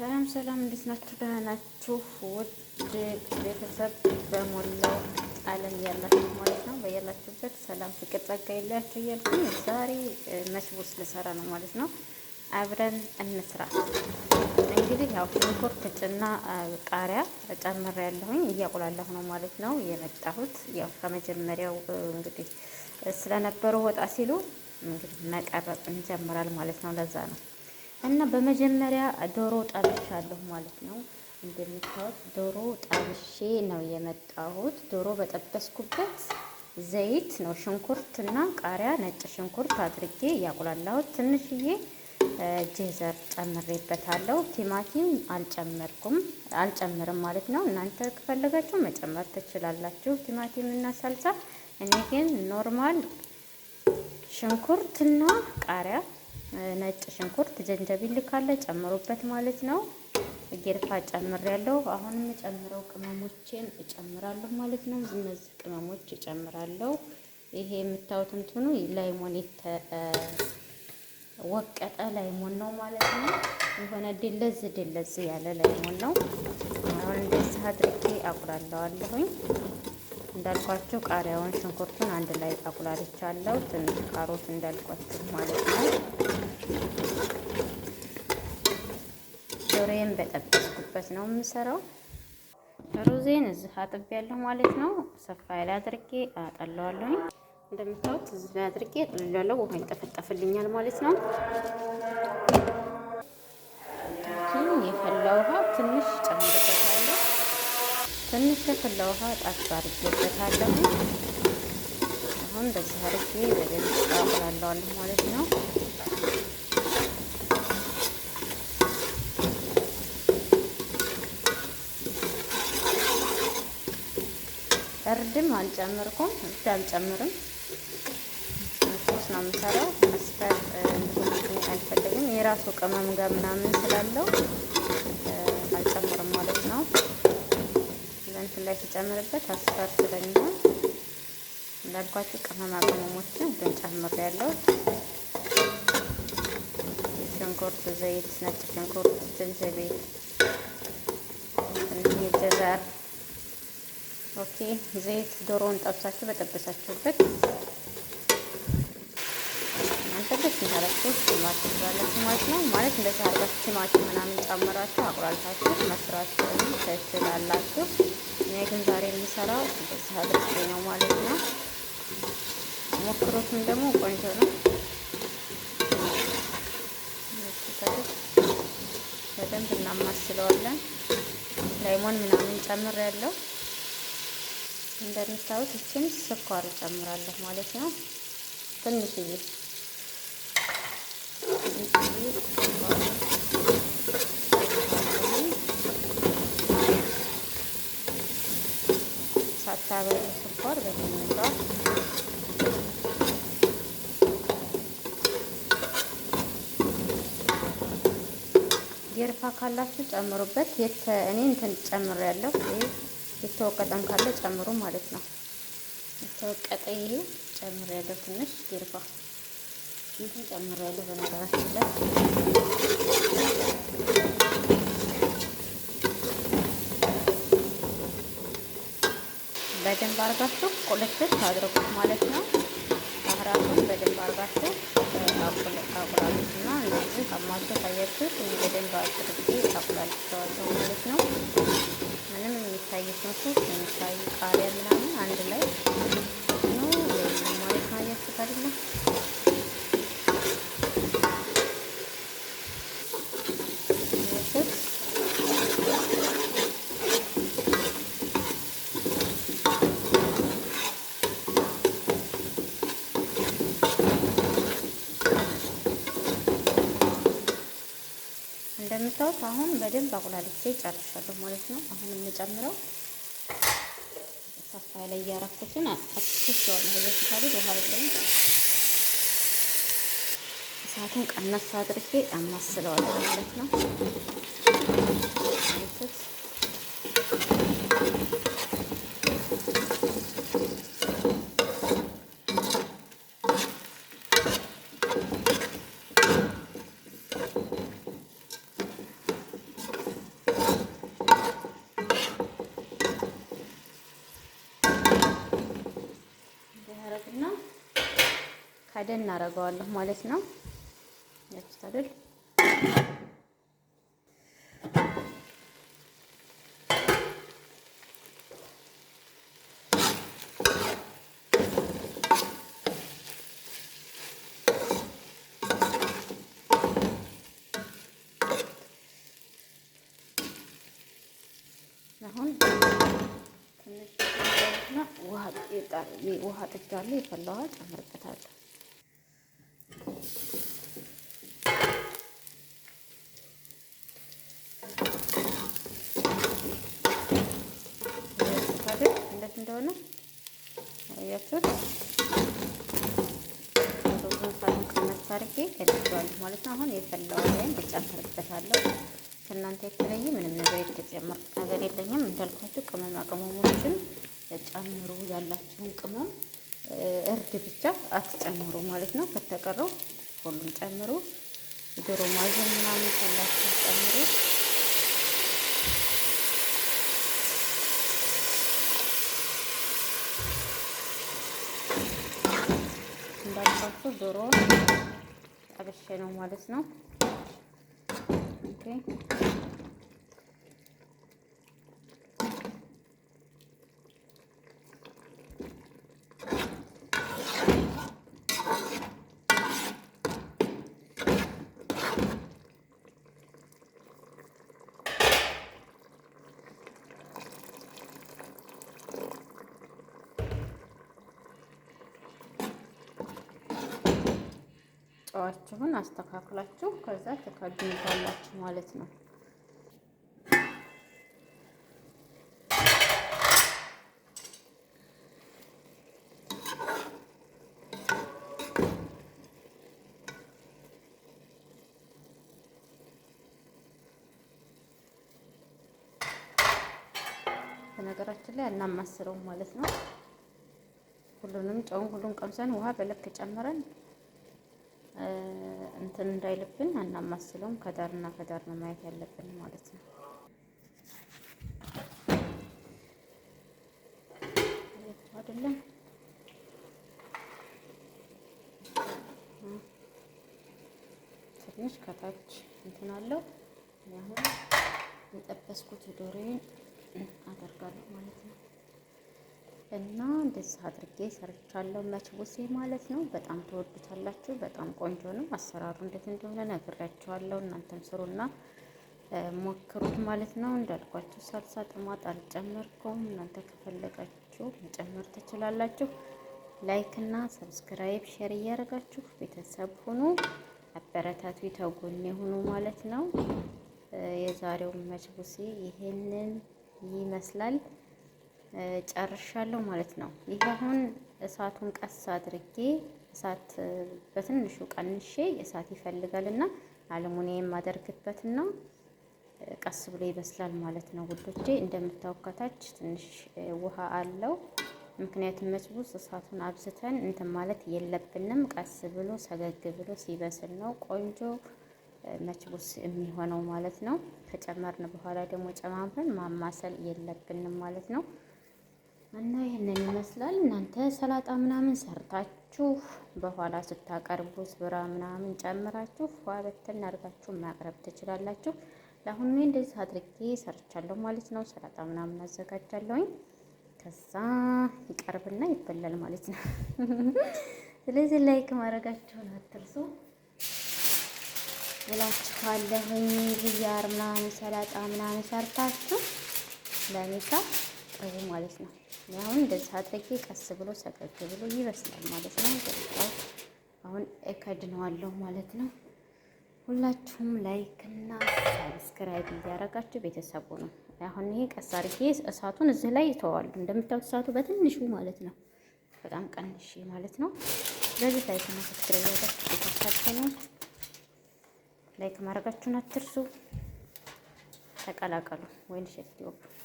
ሰላም ሰላም፣ እንዴት ናችሁ? ደህና ናችሁ? ውድ ቤተሰብ በሞላው ዓለም ያላችሁ ማለት ነው። በያላችሁበት ሰላም፣ ፍቅር፣ ጸጋ የላችሁ እያልኩኝ ዛሬ መሽቡስ ልሰራ ነው ማለት ነው። አብረን እንስራ። እንግዲህ ያው ሽንኩርት ጭና ቃሪያ ጨምራ ያለሁኝ እያቁላለሁ ነው ማለት ነው የመጣሁት። ያው ከመጀመሪያው እንግዲህ ስለነበሩ ወጣ ሲሉ እንግዲህ መቀረብ እንጀምራል ማለት ነው። ለዛ ነው እና በመጀመሪያ ዶሮ ጠብሻለሁ ማለት ነው። እንደምታዩት ዶሮ ጠብሼ ነው የመጣሁት። ዶሮ በጠበስኩበት ዘይት ነው ሽንኩርትና ቃሪያ፣ ነጭ ሽንኩርት አድርጌ ያቁላላሁት። ትንሽዬ ጀዘር ጨምሬበታለሁ። ቲማቲም አልጨመርኩም አልጨምርም ማለት ነው። እናንተ ከፈለጋችሁ መጨመር ትችላላችሁ ቲማቲም እና ሳልሳ። እኔ ግን ኖርማል ሽንኩርትና ቃሪያ ነጭ ሽንኩርት፣ ጀንጀቢል ልካለ ጨምሩበት ማለት ነው። ጌርፋ ጨምር ያለው አሁንም ጨምረው ቅመሞችን እጨምራለሁ ማለት ነው። እነዚህ ቅመሞች እጨምራለሁ። ይሄ የምታዩት እንትኑ ላይሞን የተወቀጠ ላይሞን ነው ማለት ነው። የሆነ ድለዝ ድለዝ ያለ ላይሞን ነው። አሁን እንደዚህ አድርጌ አቁላለዋለሁኝ። እንዳልኳችሁ ቃሪያውን ሽንኩርቱን አንድ ላይ አቁላልቻለሁ። ትንሽ ካሮት እንዳልኳችሁ ማለት ነው። ዶሬን በጠበስኩበት ነው የምሰራው። ሩዜን እዚህ ያለሁ ማለት ነው። ሰፋ ያለ አድርጌ አጠለዋለሁኝ። እንደምታዩት እዚህ ላይ አድርጌ አጥልላለሁ። ውሃ ይጠፈጠፍልኛል ማለት ነው። የፈላ ውሃ ትንሽ ጨምርበት ትንሽ የፈላ ውሃ ጣፍ አድርጌበታለሁ። አሁን በዚህ አድርጌ በደንብ አቁላለዋለሁ ማለት ነው። እርድም አልጨምርኩም። እርድ አልጨምርም። ሶስ ነው የምሰራው። መስፈር እንዲሆን አልፈለግም። የራሱ ቅመም ጋር ምናምን ስላለው እንትን ላይ ስጨምርበት አስፋር ስለሚሆን እንዳልኳችሁ ቅመማ ቅመሞችን ግን ጨምር ያለው ሽንኩርት፣ ዘይት፣ ነጭ ሽንኩርት፣ ዝንጅብል፣ ጀዛር ኦኬ። ዘይት ዶሮውን ጠብሳችሁ በጠበሳችሁበት ፍትፍት እንዳላችሁ ቲማቲም ትይዛላችሁ ማለት ነው። ማለት እንደዚህ አርባት ቲማቲም ምናምን ጨምራችሁ አቁላልታችሁ መስራት ትችላላችሁ። እኔ ግን ዛሬ የምሰራው እንደዚህ አድርጌ ነው ማለት ነው። ሞክሮትም ደግሞ ቆንጆ ነው። በደንብ እናማስለዋለን። ላይሞን ምናምን ጨምር ያለው እንደምታዩት፣ እችን ስኳር ጨምራለሁ ማለት ነው ትንሽዬ ስታበዙ ስኳር በተመጣ የርፋ ካላችሁ ጨምሩበት። እኔ እንትን ጨምር ያለው ይሄ ካለ ጨምሩ ማለት ነው። የተወቀጠ ይሄ ጨምር ያለው ትንሽ የርፋ እንትን ጨምር ያለው በነገራችን ላይ በደንብ አድርጋችሁ ቁልፍልፍ አድርጉት ማለት ነው። ባህራቱን በደንብ አድርጋችሁ አቁላሉት እና እንደዚህ አማቸው ታያችሁት። በደንብ አጭር ጊዜ አቁላልቸዋለሁ ማለት ነው። ምንም የሚታይ ሽንኩርት የሚታይ ቃሪያ ምናምን አንድ ላይ ነው ማለት ነው። አያችሁት አይደለም አሁን በደንብ አቁላልቼ ጨርሻለሁ ማለት ነው። አሁን የምጨምረው ሰፋ ላይ እያረኩትን አጥፍቼዋለሁ። በፊታሪ በኋላ ላይ እሳቱን ቀነስ አድርጌ አማስለዋለሁ ማለት ነው። አደን እናደርገዋለሁ ማለት ነው። ያችሁት አይደል? አሁን ትንሽ ውሃ ጥጃለሁ። ውሃ ጨምርበታለሁ ነው። አያችሁት ሩዙን ማለት ነው። አሁን የፈላው ወይም እጨምርበታለሁ። ከእናንተ የተለየ ምንም ነገር የተጨመርኩት ነገር የለኝም። እንዳልኳችሁ ቅመማ ቅመሞችን ጨምሩ፣ ያላችሁን ቅመም እርድ ብቻ አትጨምሩ ማለት ነው። ከተቀረው ሁሉም ጨምሩ። ዶሮ ማዘን ምናምን ካላችሁ ጨምሩ። እንዳልኳችሁ ዶሮ ጠብሼ ነው ማለት ነው። እቃዋችሁን አስተካክላችሁ ከዛ ተካድኑታላችሁ ማለት ነው። በነገራችን ላይ አናማስረውም ማለት ነው። ሁሉንም ጨውን ሁሉን ቀምሰን ውሃ በልክ ጨምረን እንትን እንዳይልብን አናማስለውም። ከዳርና ከዳር ነው ማየት ያለብን ማለት ነው። አይደለም ትንሽ ከታች እንትን አለው። አሁን የጠበስኩት ዶሮዬን አደርጋለሁ ማለት ነው። እና እንደዚህ አድርጌ ሰርቻለሁ። መችቡሴ ማለት ነው። በጣም ትወዱታላችሁ። በጣም ቆንጆ ነው። አሰራሩ እንዴት እንደሆነ ነግሬያችኋለሁ። እናንተም ስሩና ሞክሩት ማለት ነው። እንዳልኳችሁ ሳልሳ ጥማት አልጨመርኩም። እናንተ ከፈለጋችሁ መጨመር ትችላላችሁ። ላይክ እና ሰብስክራይብ ሼር እያደረጋችሁ ቤተሰብ ሁኑ። አበረታቱ፣ ተጎን የሆኑ ማለት ነው። የዛሬው መችቡሴ ይሄንን ይመስላል። ጨርሻለሁ ማለት ነው። ይሄ አሁን እሳቱን ቀስ አድርጌ እሳት በትንሹ ቀንሼ እሳት ይፈልጋል ይፈልጋልና አለሙኒየም አደርግበትና ቀስ ብሎ ይበስላል ማለት ነው ውዶቼ። እንደምታወካታች ትንሽ ውሃ አለው። ምክንያቱም መችቡስ እሳቱን አብዝተን እንትን ማለት የለብንም። ቀስ ብሎ ሰገግ ብሎ ሲበስል ነው ቆንጆ መችቡስ የሚሆነው ማለት ነው። ከጨመርን በኋላ ደግሞ ጨማምረን ማማሰል የለብንም ማለት ነው። እና ይህንን ይመስላል። እናንተ ሰላጣ ምናምን ሰርታችሁ በኋላ ስታቀርቡ ስብራ ምናምን ጨምራችሁ ፏ በትን አድርጋችሁ ማቅረብ ትችላላችሁ። ለአሁኑ እንደዚህ አድርጌ ሰርቻለሁ ማለት ነው። ሰላጣ ምናምን አዘጋጃለሁኝ። ከዛ ይቀርብና ይበላል ማለት ነው። ስለዚህ ላይክ ማድረጋችሁን አትርሱ እላችኋለሁኝ። ብያር ምናምን ሰላጣ ምናምን ሰርታችሁ ለሚሳ ጥሩ ማለት ነው። አሁን እንደዚህ አድርጌ ቀስ ብሎ ሰቀቅ ብሎ ይበስላል ማለት ነው። ገልጣው አሁን እከድነዋለሁ ማለት ነው። ሁላችሁም ላይክ እና ሰብስክራይብ እያደረጋችሁ ቤተሰቡ ነው። አሁን ይሄ ቀስ አድርጌ እሳቱን እዚህ ላይ ይተዋሉ። እንደምታዩት እሳቱ በትንሹ ማለት ነው፣ በጣም ቀንሽ ማለት ነው። በዚህ ላይክ እና ሰብስክራይብ ያደረጋችሁ ቤተሰቡ ነው። ላይክ ማድረጋችሁን አትርሱ። ተቀላቀሉ ወይን ሸት